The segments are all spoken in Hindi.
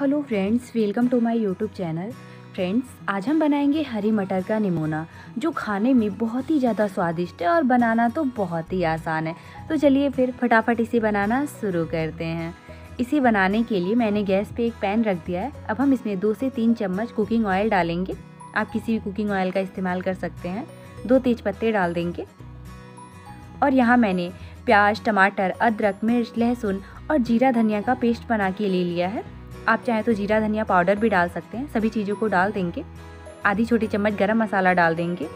hello friends welcome to my YouTube channel friends आज हम बनाएंगे हरी मटर का निमोना जो खाने में बहुत ही ज़्यादा स्वादिष्ट है और बनाना तो बहुत ही आसान है तो चलिए फिर फटाफट इसे बनाना शुरू करते हैं इसे बनाने के लिए मैंने गैस पे एक पैन रख दिया है अब हम इसमें दो से तीन चम्मच कुकिंग ऑयल डालेंगे आप किसी भी कुकिंग ऑयल का इस्तेमाल कर सकते हैं दो तेज पत्ते डाल देंगे और यहाँ मैंने प्याज टमाटर अदरक मिर्च लहसुन और जीरा धनिया का पेस्ट बना के ले लिया है आप चाहें तो जीरा धनिया पाउडर भी डाल सकते हैं सभी चीज़ों को डाल देंगे आधी छोटी चम्मच गरम मसाला डाल देंगे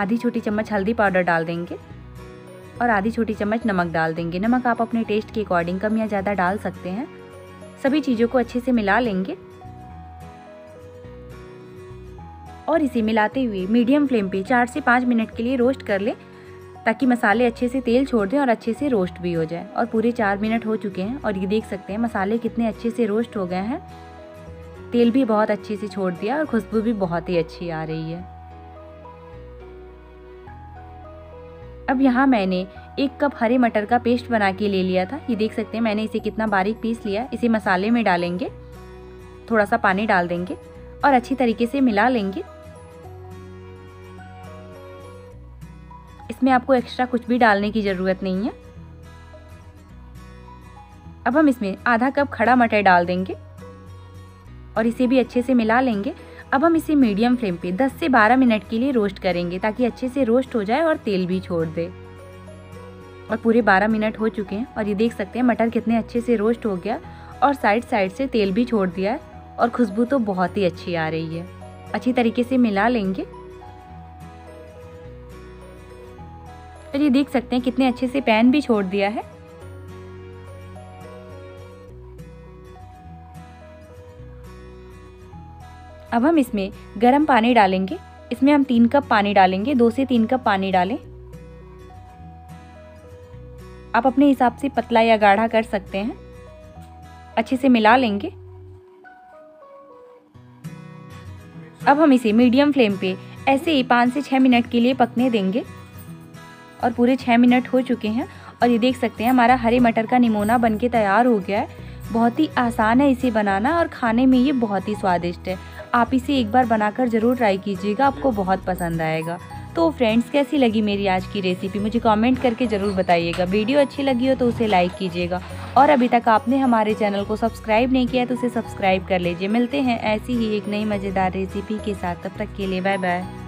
आधी छोटी चम्मच हल्दी पाउडर डाल देंगे और आधी छोटी चम्मच नमक डाल देंगे नमक आप अपने टेस्ट के अकॉर्डिंग कम या ज़्यादा डाल सकते हैं सभी चीज़ों को अच्छे से मिला लेंगे और इसे मिलाते हुए मीडियम फ्लेम पे चार से पाँच मिनट के लिए रोस्ट कर लें ताकि मसाले अच्छे से तेल छोड़ दें और अच्छे से रोस्ट भी हो जाए और पूरे चार मिनट हो चुके हैं और ये देख सकते हैं मसाले कितने अच्छे से रोस्ट हो गए हैं तेल भी बहुत अच्छे से छोड़ दिया और खुशबू भी बहुत ही अच्छी आ रही है अब यहाँ मैंने एक कप हरे मटर का पेस्ट बना के ले लिया था ये देख सकते हैं मैंने इसे कितना बारीक पीस लिया इसे मसाले में डालेंगे थोड़ा सा पानी डाल देंगे और अच्छी तरीके से मिला लेंगे इसमें आपको एक्स्ट्रा कुछ भी डालने की ज़रूरत नहीं है अब हम इसमें आधा कप खड़ा मटर डाल देंगे और इसे भी अच्छे से मिला लेंगे अब हम इसे मीडियम फ्लेम पे 10 से 12 मिनट के लिए रोस्ट करेंगे ताकि अच्छे से रोस्ट हो जाए और तेल भी छोड़ दे और पूरे 12 मिनट हो चुके हैं और ये देख सकते हैं मटर कितने अच्छे से रोस्ट हो गया और साइड साइड से तेल भी छोड़ दिया है और खुशबू तो बहुत ही अच्छी आ रही है अच्छी तरीके से मिला लेंगे और ये देख सकते हैं कितने अच्छे से पैन भी छोड़ दिया है अब हम इसमें गर्म पानी डालेंगे इसमें हम तीन कप पानी डालेंगे दो से तीन कप पानी डालें आप अपने हिसाब से पतला या गाढ़ा कर सकते हैं अच्छे से मिला लेंगे अब हम इसे मीडियम फ्लेम पे ऐसे ही पाँच से छः मिनट के लिए पकने देंगे और पूरे छः मिनट हो चुके हैं और ये देख सकते हैं हमारा हरे मटर का निमोना बन के तैयार हो गया है बहुत ही आसान है इसे बनाना और खाने में ये बहुत ही स्वादिष्ट है आप इसे एक बार बनाकर ज़रूर ट्राई कीजिएगा आपको बहुत पसंद आएगा तो फ्रेंड्स कैसी लगी मेरी आज की रेसिपी मुझे कमेंट करके ज़रूर बताइएगा वीडियो अच्छी लगी हो तो उसे लाइक कीजिएगा और अभी तक आपने हमारे चैनल को सब्सक्राइब नहीं किया तो उसे सब्सक्राइब कर लीजिए मिलते हैं ऐसी ही एक नई मज़ेदार रेसिपी के साथ तब तक के लिए बाय बाय